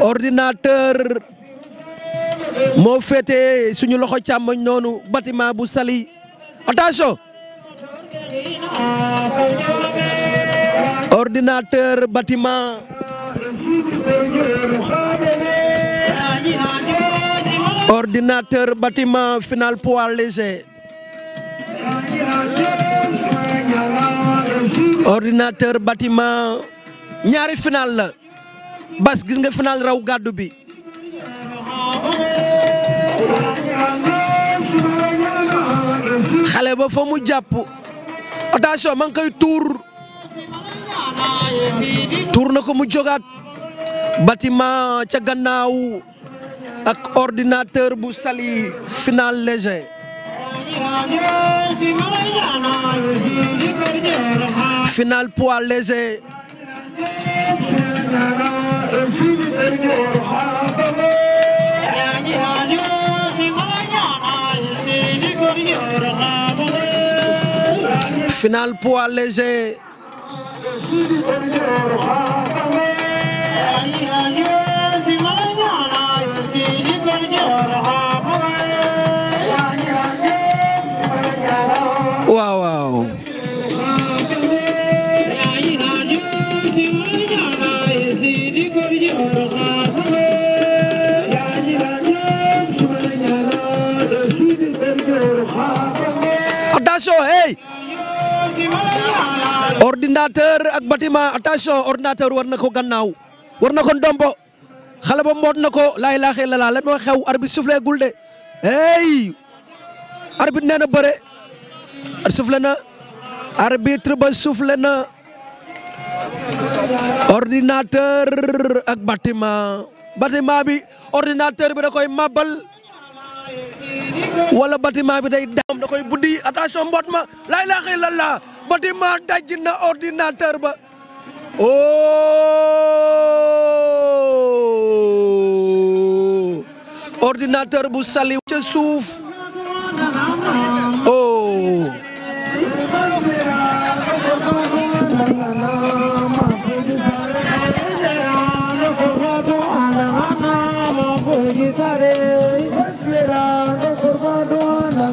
ordinateur moo féete suñu loxo càmmoñ noonu bâtiment bu sali attention ordinateur bâtiment ordinateur bâtiment léger ordinateur bâtiment ñaari final la bas gis nga final raw gàddu bi xale ba fa mu jàpp attention ma ngi koy tuur tuur na ko mu jogaat bâtiment ca gannaaw ak ordinateur bu sali final léger final poids léger final poids léger attention hey ordinateur ak bâtiment attention ordinateur war na ko gannaaw war na ko ndombo xale ba mboot na ko lay ilaaha illallaah lan moo xew arbitre soufflé gul de hey arbitre nee na bëre na arbitre ba soufflé na ordinateur ak bâtiment bâtiment bi ordinateur bi da koy mabal wala bâtiment bi day daam da koy buddi attention mboot ma laa ilaaha illallah bâtiment daj na ordinateur ba oh ordinateur bu sali ca suuf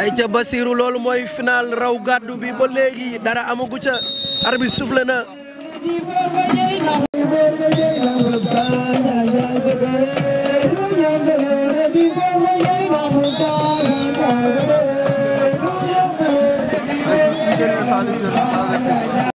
ay ca Basiru loolu mooy final raw gàddu bi ba léegi dara amagu ca arbitre soufflé na